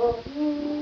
嗯。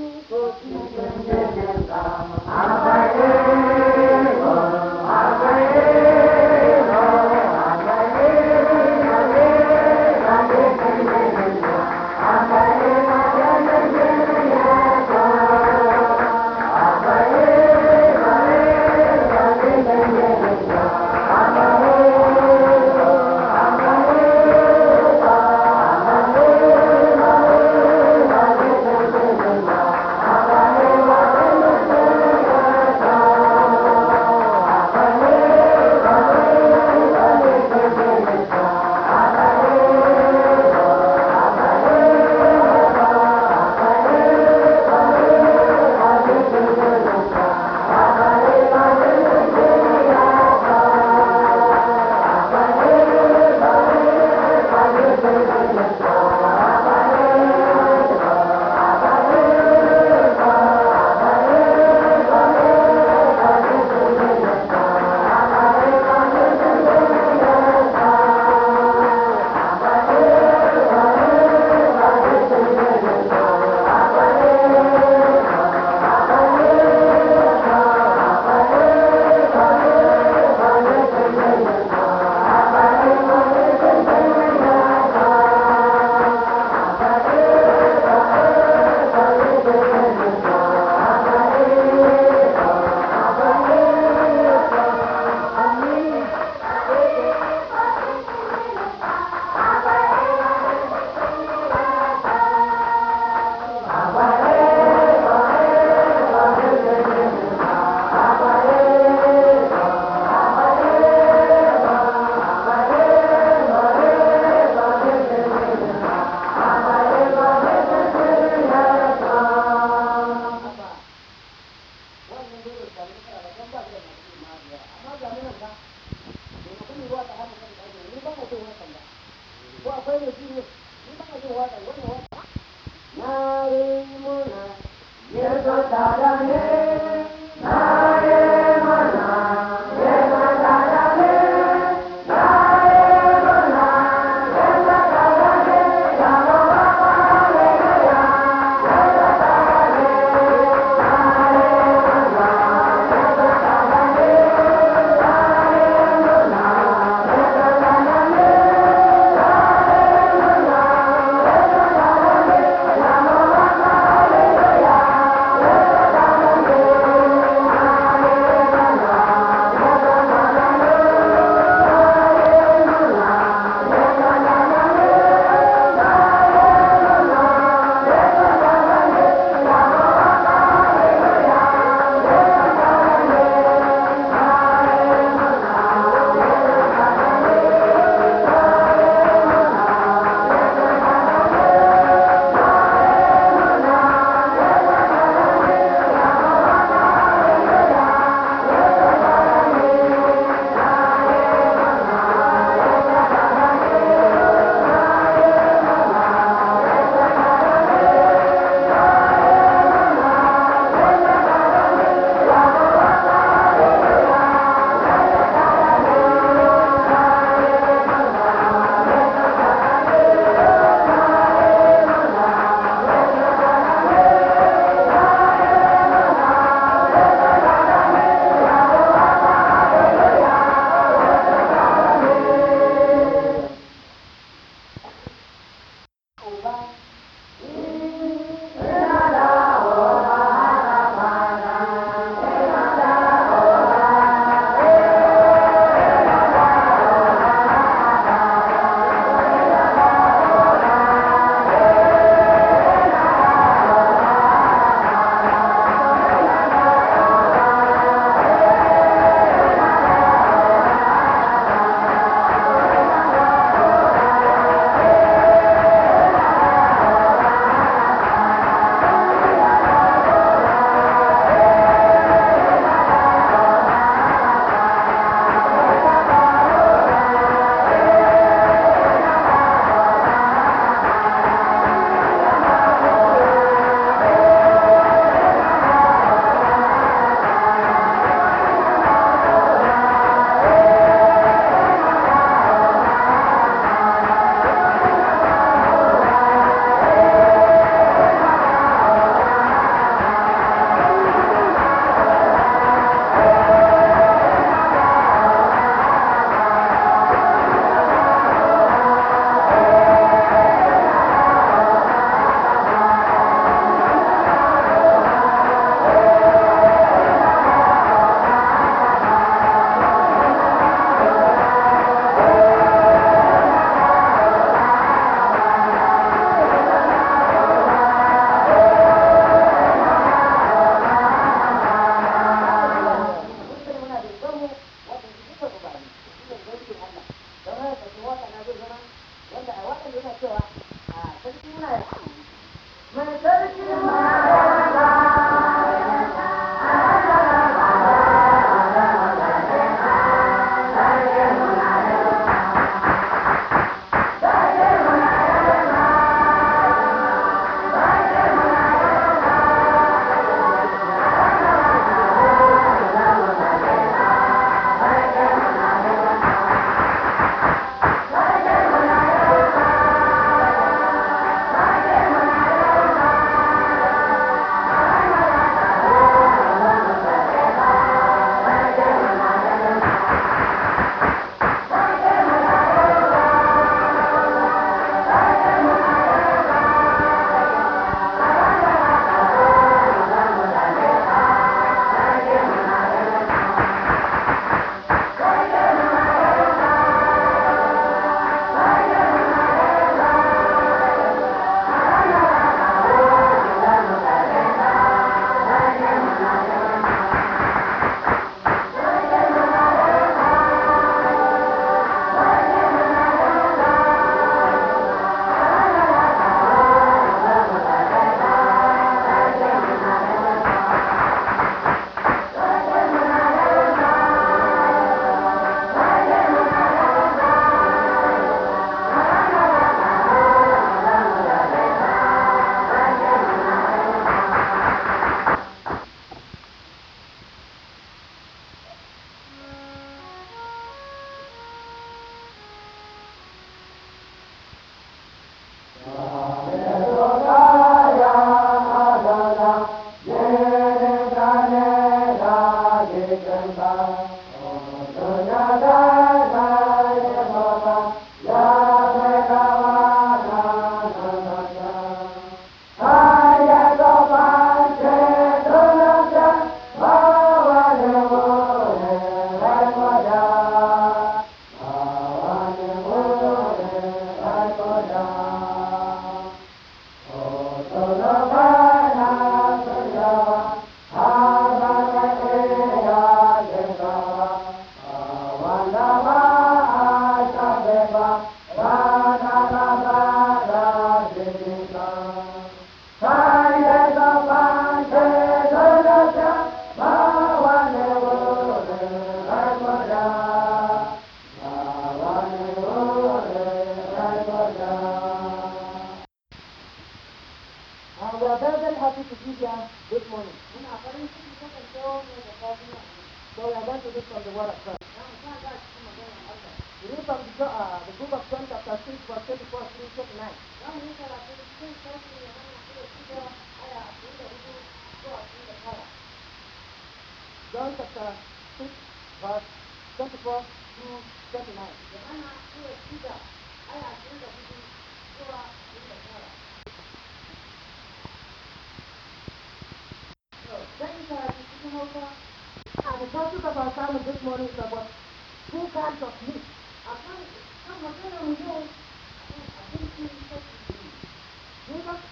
Gracias.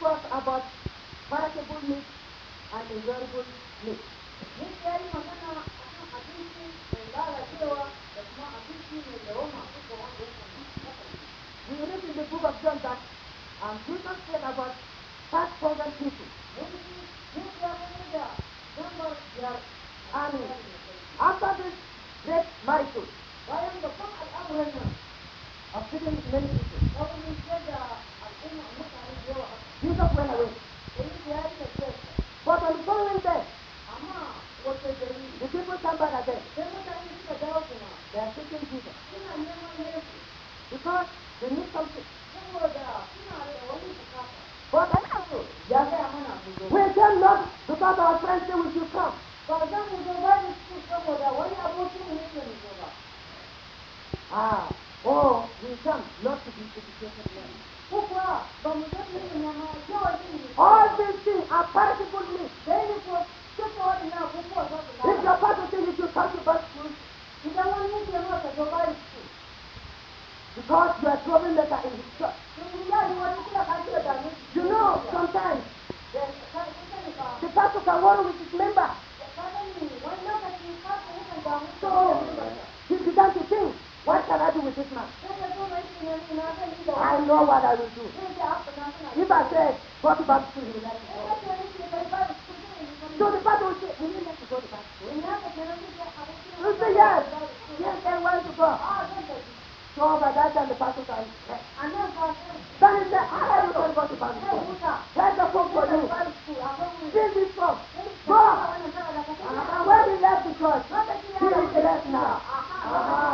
us about palatable meat and enjoyable meat. We read in the book of John that um, Jesus said about uh, or wisdom not to be educated men. All these things are particle myths. If you are part of things, you should come to back school. Because you are troublemaker in his church. You know, sometimes the pastor can worry with his member. do we think now? I know what I will do. If I say, go to Bible school, he will let me go. So the father will say, will you let go to Bible school? He say, yes. Yes, I want to go. So by that time the pastor says, yes. Then he said, I have to go to Bible school. Here's the phone for you. Give me phone. Go. And when we left the church, he is left now. Uh-huh.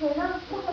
Gracias.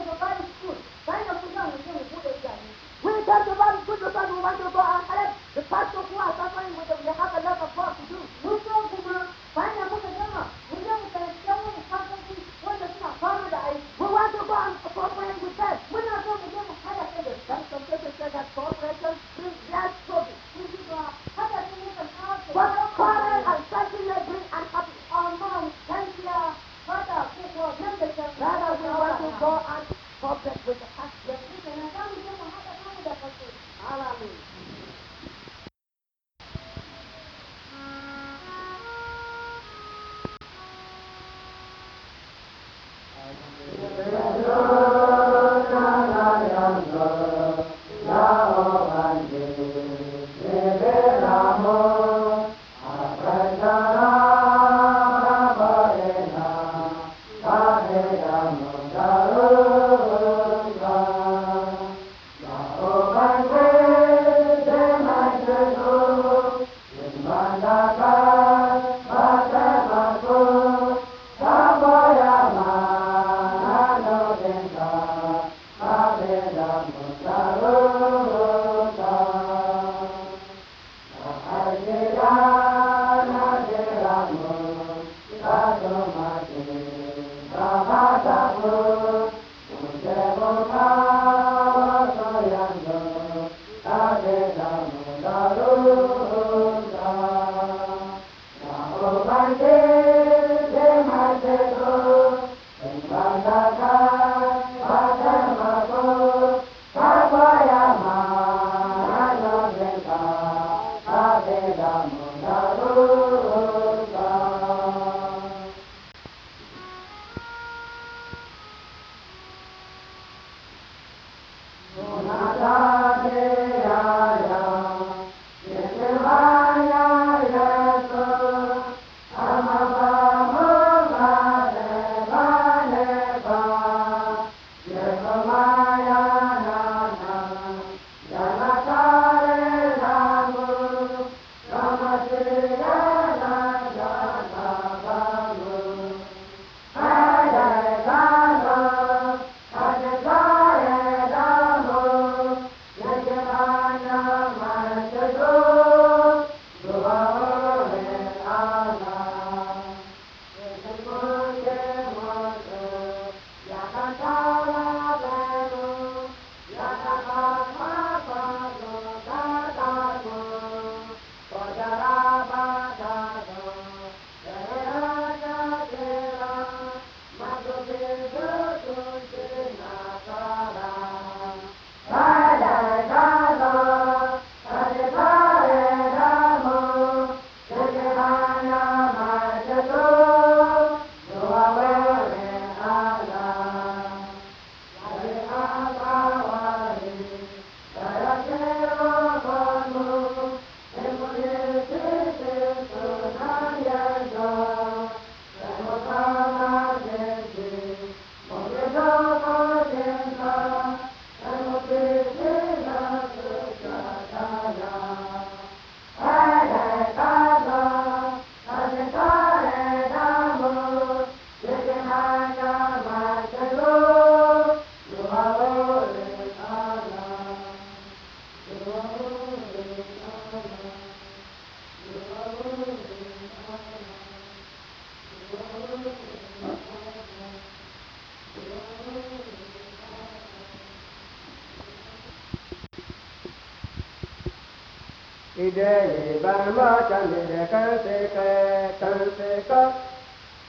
जय Burma च ं a ् a कंसे कंसे का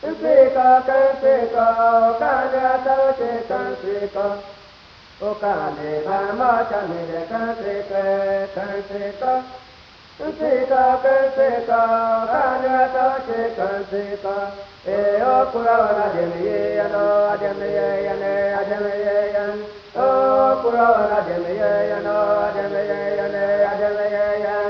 कंसे का क a स े का काना तवते क e स े का ओ काले बर्मा चंद्र कंसे कंसे का कंसे का कंसे का काना तवते कंसे का ए ओ कुरावरा जमिये यनो अजमिये यने अजमिये यन ओ कुरावरा जमिये यनो अजमिये यने अजमिये यन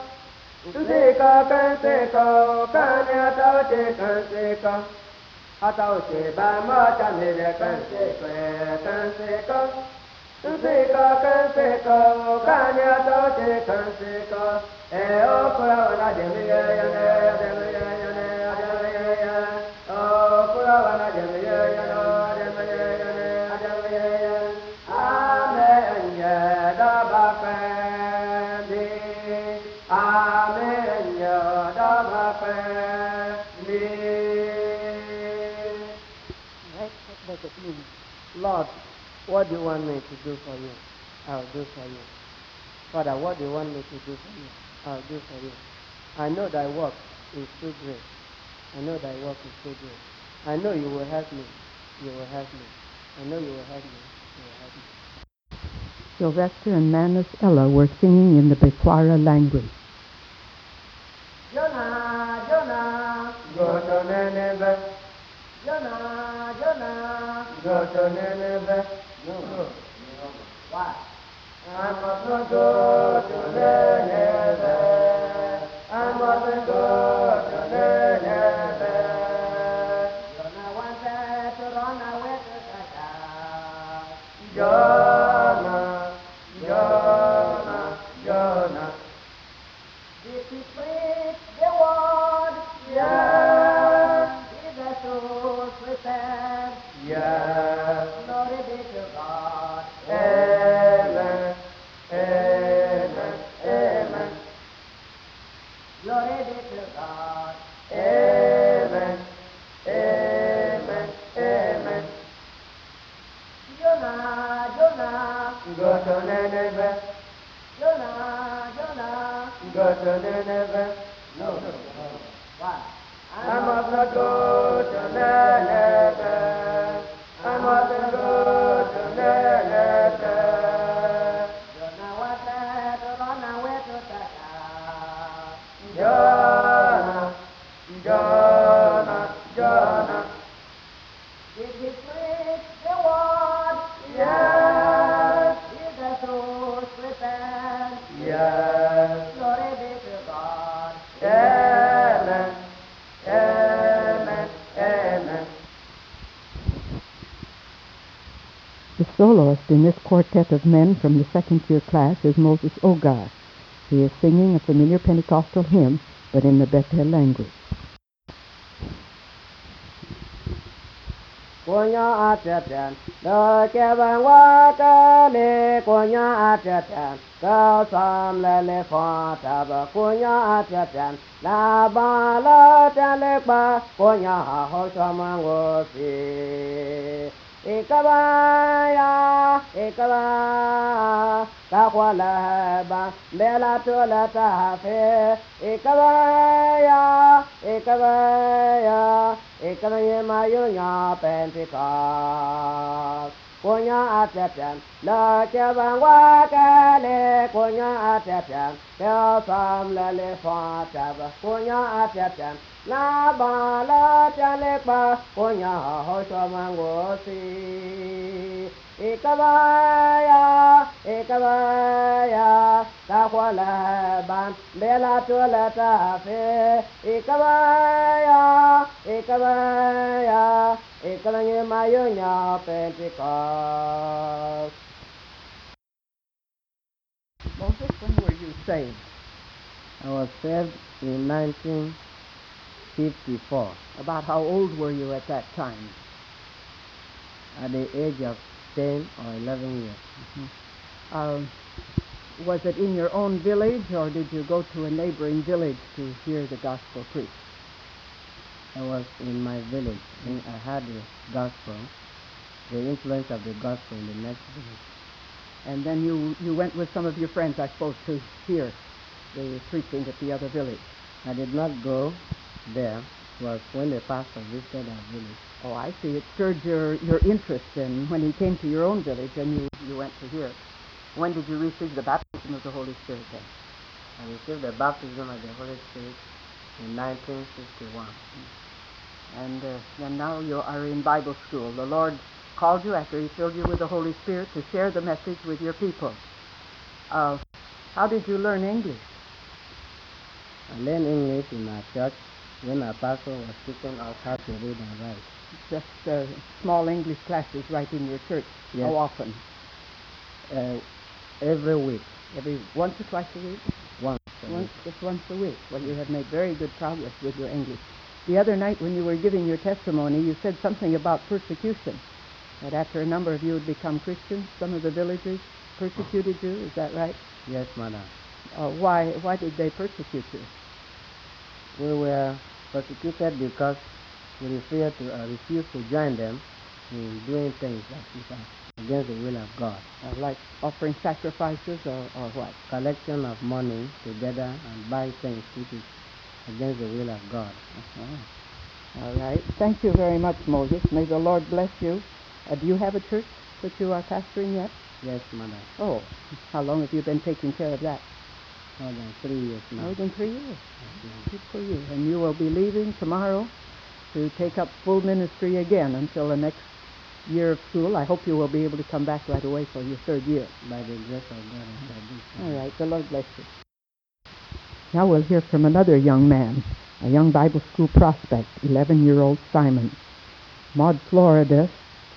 Tuse ka kanse ka kane atao che kanse ka atao che ba ma ta me le kanse ka kanse ka Tuse ka kanse ka kane atao che kanse ka e o kura wana de me ya ne de me ya ne de me ya o kura wana de me Lord, what do you want me to do for you? I'll do for you. Father, what do you want me to do for you? I'll do for you. I know thy work is too great. I know thy work is too great. I know you will help me. You will help me. I know you will help me. You will help me. Sylvester and Manus Ella were singing in the Bekwara language. to Nineveh? No. no. Why? I must not go to Nineveh. Go to Nineveh. Jonah, Jonah. Go to Nineveh. No, no, no. Why? I must not go to Nineveh. soloist in this quartet of men from the second year class is Moses Ogar. He is singing a familiar Pentecostal hymn, but in the Bethel language. Kunya atetan, the Kunya atetan, the Sam Kunya atetan, La Kunya ikabaya ikaba takwala ba bela tola tafe ikabaya ikabaya ikabaya mayo nya pentecost kunya atyapyam la chavan wa ka le kunya atyapyam pyo sam la le fa chab kunya atyapyam la ba la cha le pa kunya ho so mang go si ekavaya ekavaya ta kwa la ban be la tu la ta fe ekavaya ya. Ikalangnya Pentecost. Moses, when were you saved? I was saved in 1954. About how old were you at that time? At the age of 10 or 11 years. Mm-hmm. Um, was it in your own village or did you go to a neighboring village to hear the gospel preached? I was in my village and I heard the gospel, the influence of the gospel in the next village. And then you, you went with some of your friends, I suppose, to hear the preaching at the other village. I did not go there. It was when the pastor visited our village. Oh, I see. It stirred your, your interest in when he came to your own village and you, you went to hear When did you receive the baptism of the Holy Spirit then? I received the baptism of the Holy Spirit in 1951. And, uh, and now you are in Bible school. The Lord called you after He filled you with the Holy Spirit to share the message with your people. Uh, how did you learn English? I learned English in my church when our pastor was teaching us how to read and write. Just uh, small English classes right in your church. Yes. How often? Uh, every week. Every once or twice a week once, mm-hmm. just once a week, Well, you have made very good progress with your English. The other night when you were giving your testimony, you said something about persecution, that after a number of you had become Christians, some of the villagers persecuted you. Is that right? Yes, madam. Uh, why, why did they persecute you? We were persecuted because we refused to, uh, refused to join them in doing things like this against the will of God. Uh, like offering sacrifices or, or what? Collection of money together and buy things which is against the will of God. Uh-huh. All right. Thank you very much, Moses. May the Lord bless you. Uh, do you have a church that you are pastoring yet? Yes, Mother. Oh, how long have you been taking care of that? More than three years now. More than three years. Mm-hmm. Good for you. And you will be leaving tomorrow to take up full ministry again until the next year of school. I hope you will be able to come back right away for your third year. By the grace of God, I shall All right. The Lord bless you. Now we'll hear from another young man, a young Bible school prospect, 11-year-old Simon. Maud Florida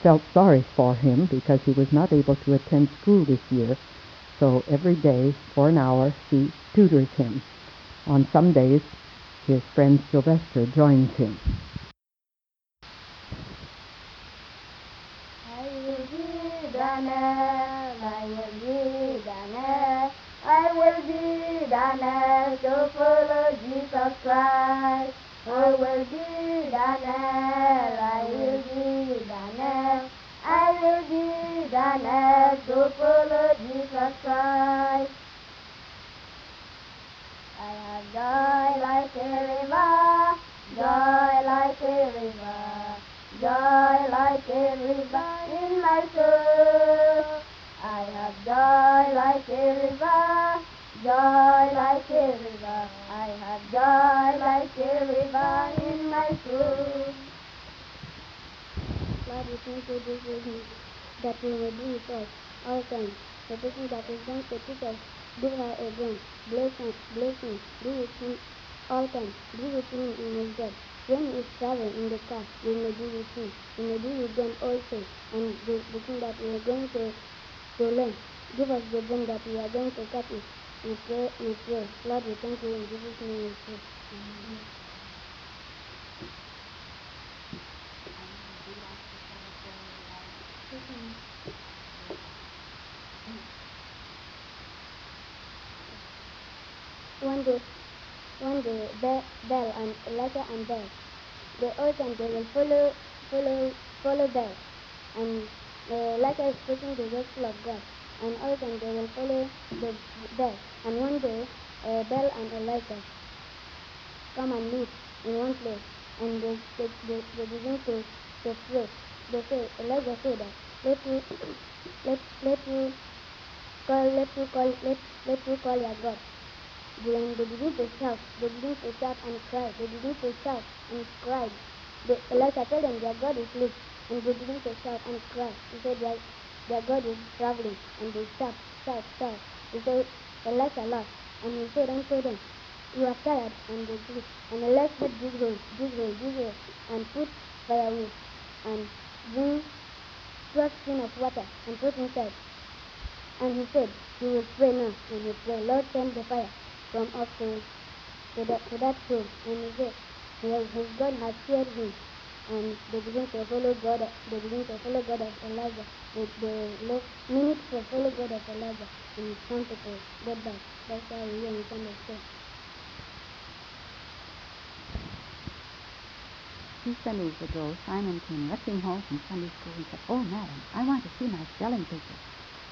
felt sorry for him because he was not able to attend school this year, so every day for an hour she tutors him. On some days, his friend Sylvester joins him. Dana, I will be Dana, I will be Dana, full of Jesus Christ. I will be Dana, I will be Dana, I will be Dana, full of Jesus Christ. I have joy like a river, joy like a river die like everybody in my soul. I have joy like everybody, joy like everybody. I have joy like everybody in my soul. Lord, we thank you this evening that you will be with us all times. The person that is going to teach us, do her again. bless him, bless him, be with him all times, be with in his death. When you travel in the car, we may do with him, we may do with them also, and the, the thing that we are going to, to learn. Give us the thing that we are going to It. We pray, we pray. Lord, we thank you in Jesus' name we pray. Amen. One day, one day Bel, bell and Elijah and Bell, the oath and they will follow, follow, follow Bell, And uh, Elijah is preaching the gospel of God. And oath and they will follow the Bell. And one day uh, and Elijah come and meet in one place. And they, they, they, they begin to, to pray. They say, Elijah said that, let me, let, let me call, let me call, let, let me call your God. They the do push-ups, they do and cry, they do push and cried. The like told them, their God is loose, and they didn't push and cry. He said their, their God is traveling, and they stop, stop, stop. He said, the lights are lost, and he said, don't them, you are tired, and they do, and the lights said, dig holes, dig holes, dig and put firewood, and bring twelve skin of water, and put inside. And he said, you will pray now, and will pray, Lord, send the fire from upward to that, to that pool, and he said, his, his God had feared him, and they begin to follow God, they begin to follow God as Elijah, the the left minutes to follow God as Elijah, and he wanted to get back. That's why we hear in Sunday school. Two Sundays ago, Simon came rushing home from Sunday school and said, Oh, madam, I want to see my spelling teacher.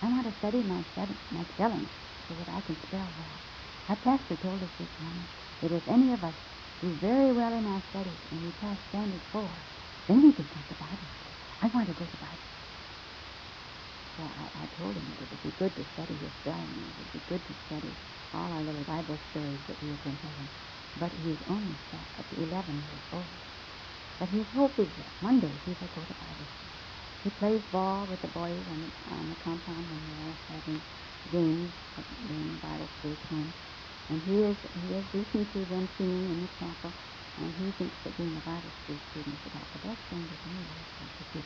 I want to study my, spelling, my spelling so that I can spell well. Our pastor told us this morning: that if any of us do very well in our studies and we pass standard four, then we can talk about Bible. I want to go to Bible. So I, I told him that it would be good to study his spelling. It would be good to study all our little Bible stories that we have been having. But he is only at 11 years old. But his hope is that one day he will go to Bible school. He plays ball with the boys on the, on the compound when they're having games, doing Bible school time. And he is, he is to them singing in the chapel, and he thinks that being a Bible school student is about the best thing that any of can do.